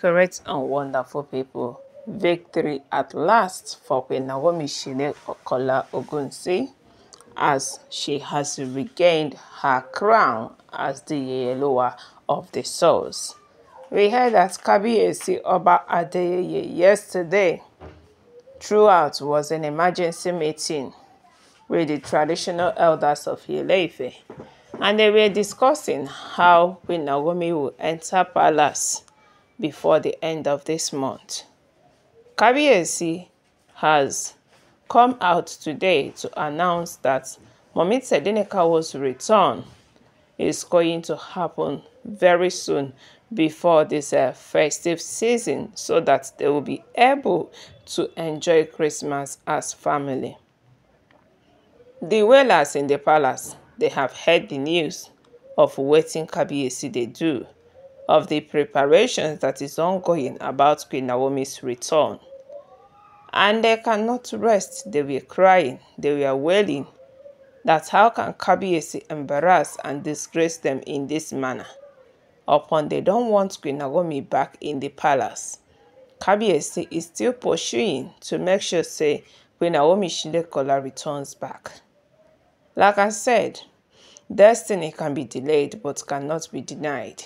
correct and wonderful people. Victory at last for Queen Naomi Shile Okola Ogunsi as she has regained her crown as the Yeloa of the souls. We heard that Kabiyesi Oba Adeyeye yesterday throughout was an emergency meeting with the traditional elders of ile and they were discussing how Queen Naomi will enter palace before the end of this month. Kabiyesi has come out today to announce that Momit Sedeneka's return is going to happen very soon before this uh, festive season so that they will be able to enjoy Christmas as family. The whalers in the palace, they have heard the news of waiting Kabiyesi they do of the preparations that is ongoing about Queen Naomi's return. And they cannot rest. They were crying. They were wailing. That how can Kabiyesi embarrass and disgrace them in this manner? Upon they don't want Queen Naomi back in the palace. Kabiyesi is still pursuing to make sure say Queen Naomi Shilekola returns back. Like I said, destiny can be delayed but cannot be denied.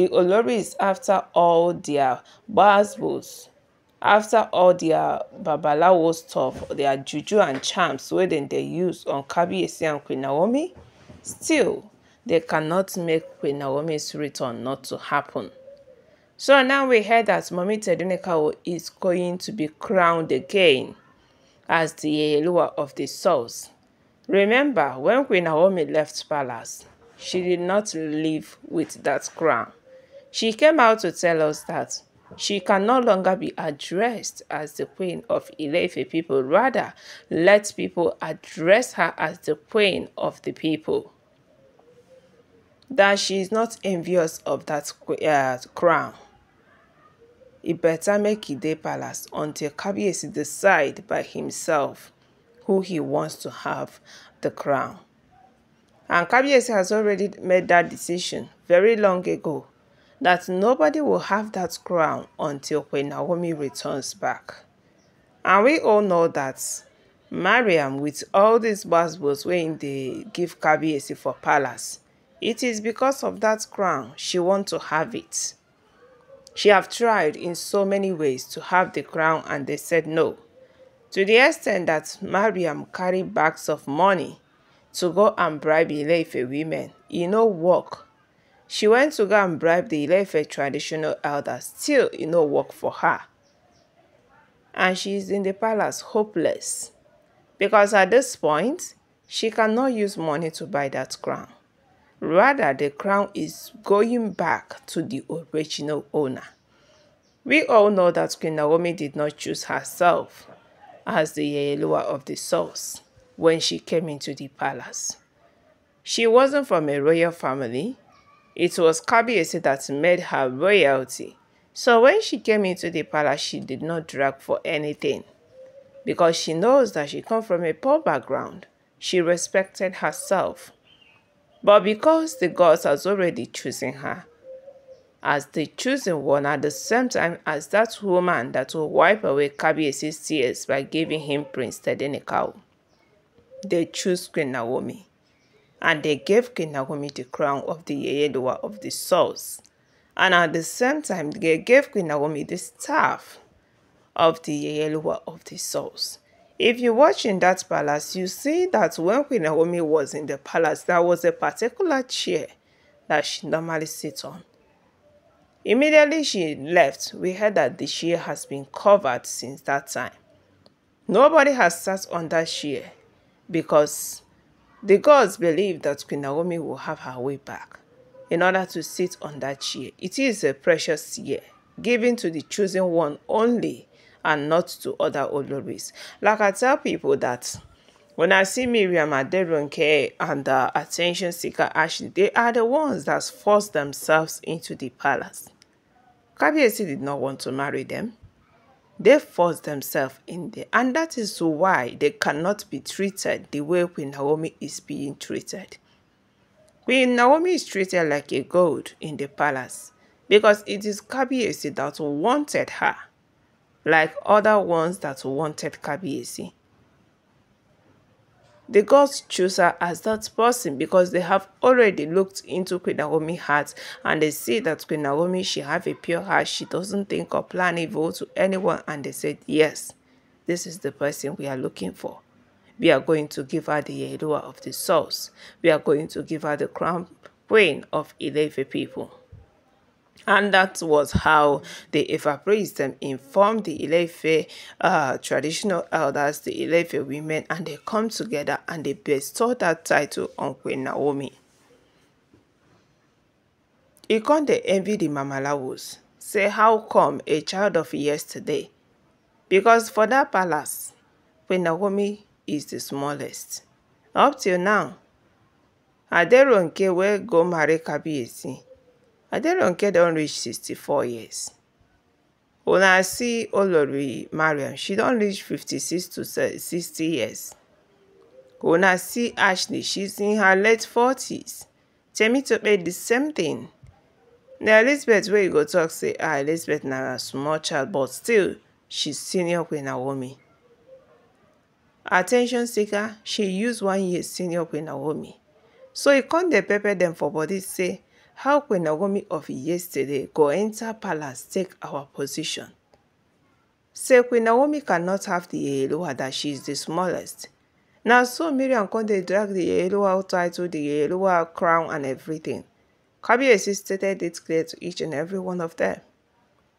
The Olori is after all their basbos, after all their babalawo stuff, their juju and charms wey then they use on Kabiyesi and Queen Naomi, still they cannot make Queen Naomi's return not to happen. So now we heard that Mommy Tedunekawo is going to be crowned again as the ruler of the souls. Remember, when Queen Naomi left palace, she did not leave with that crown. She came out to tell us that she can no longer be addressed as the queen of Ilefe people. Rather, let people address her as the queen of the people. That she is not envious of that uh, crown. It better make Ide Palace until Kabiesi decide by himself who he wants to have the crown. And Kabiesi has already made that decision very long ago that nobody will have that crown until when Naomi returns back. And we all know that Mariam, with all these buzzwords when they give Kabiesi for palace, it is because of that crown she want to have it. She have tried in so many ways to have the crown and they said no. To the extent that Mariam carried bags of money to go and bribe lady women, you know work she went to go and bribe the Ilefe traditional elders. Still, it no work for her. And she's in the palace hopeless. Because at this point, she cannot use money to buy that crown. Rather, the crown is going back to the original owner. We all know that Queen Naomi did not choose herself as the Yelua of the source when she came into the palace. She wasn't from a royal family it was Kabiese that made her royalty. So when she came into the palace, she did not drag for anything. Because she knows that she comes from a poor background, she respected herself. But because the gods has already chosen her, as the chosen one at the same time as that woman that will wipe away Kabiese's tears by giving him Prince Tedenekau. They choose Queen Naomi and they gave King Naomi the crown of the Yeyedoa of the souls. And at the same time, they gave Queen Naomi the staff of the Yeyedoa of the souls. If you watch in that palace, you see that when Queen Naomi was in the palace, there was a particular chair that she normally sits on. Immediately she left, we heard that the chair has been covered since that time. Nobody has sat on that chair because the gods believe that Queen Naomi will have her way back in order to sit on that chair. It is a precious year given to the chosen one only and not to other Oloris. Like I tell people that when I see Miriam Aderonke and the attention seeker Ashley, they are the ones that forced themselves into the palace. Kabiesi did not want to marry them. They force themselves in there. And that is why they cannot be treated the way Queen Naomi is being treated. Queen Naomi is treated like a gold in the palace because it is Kabiesi that wanted her, like other ones that wanted Kabiesi. The gods chose her as that person because they have already looked into Queen Naomi's heart and they see that Queen Naomi, she have a pure heart, she doesn't think or plan evil to anyone and they said, yes, this is the person we are looking for. We are going to give her the Yeruah of the souls. We are going to give her the crown queen of eleven people and that was how the Ifa priests informed the Ilefe uh, traditional elders, the Ilefe women, and they come together and they bestow that title on Queen Naomi. they envy the Mamalawos, say how come a child of yesterday? Because for that palace, Queen Naomi is the smallest. Up till now, Aderonke will go marry Kabiesi. adeleke don reach 64 years When I see olori mariam she don't reach 56 to 60 years When I see ashley she's in her late 40s temitope the same thing na elizabeth where you go talk say ah elizabeth now a small child but still she's senior queen naomi attention seeker she use one year senior queen naomi so e can't dey pepper dem for body say how Queen Naomi of yesterday go enter palace take our position. Say Queen Naomi cannot have the Yeluwa that she is the smallest. Now so Miriam can dey drag the Yeluwa title, the Yeluwa crown and everything. Kabiyesi stated it clear to each and every one of them.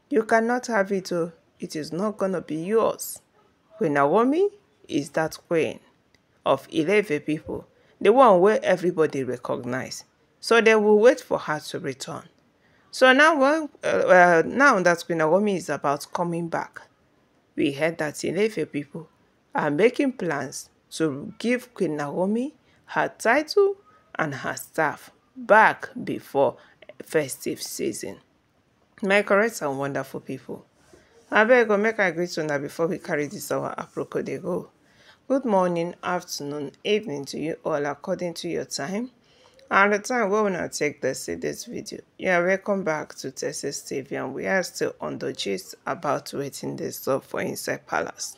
You cannot have it o, oh. it is not gonna be yours. Queen Naomi is that queen of eleven people, the one where everybody recognize. So they will wait for her to return. So now, well, uh, uh, now that Queen Naomi is about coming back, we heard that Ilefe people are making plans to give Queen Naomi her title and her staff back before festive season. My correct and wonderful people, I beg go make a greet now before we carry this our apropos they go. Good morning, afternoon, evening to you all according to your time and the time we we now take the see this video yeah welcome back to texas tv and we are still on the gist about waiting this up for inside palace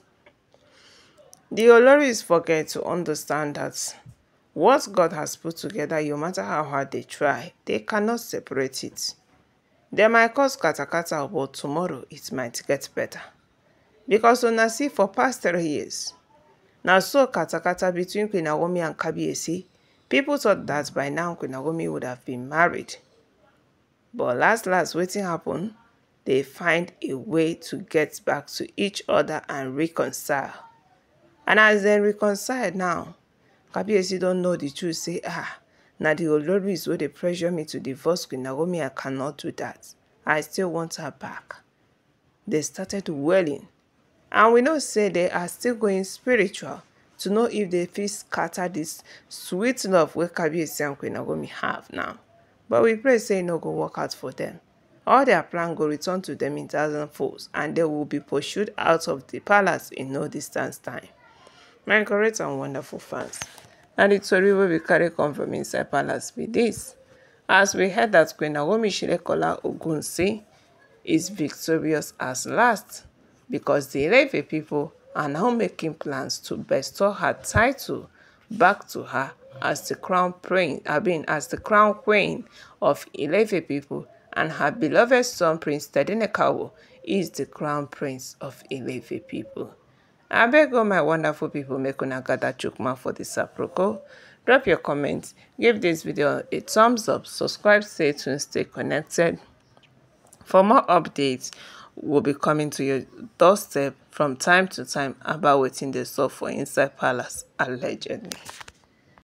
the oloris forget to understand that what god has put together no matter how hard they try they cannot separate it they might cause katakata but tomorrow it might get better because i see for past three years now so katakata between queen naomi and kabiyesi People thought that by now Kunagomi would have been married. But last last waiting happened, they find a way to get back to each other and reconcile. And as they reconcile now, Kabiesi don't know the truth, say, ah, now the Olori is where they pressure me to divorce Kunagomi. I cannot do that. I still want her back. They started wailing. And we know say they are still going spiritual to know if they fit scatter this sweet love wey kabiyesi and queen naomi have now but we pray say e no go work out for them. all their plan go return to them in thousand folds and they will be pursued out of the palace in no distance time my correct and wonderful fans na di tori wey we carry come from inside palace be this, as we heard that queen naomi shirekola ogunsi is victorious as last because the ileife people. are now making plans to bestow her title back to her as the crown prince, I mean, as the crown queen of Ilefe people, and her beloved son Prince Tedinekawo is the crown prince of Ilefe people. I beg all my wonderful people, make una gather chukma for this aproko. Drop your comments, give this video a thumbs up, subscribe, stay tuned, stay connected. For more updates will be coming to your doorstep from time to time about waiting the soul for inside palace allegedly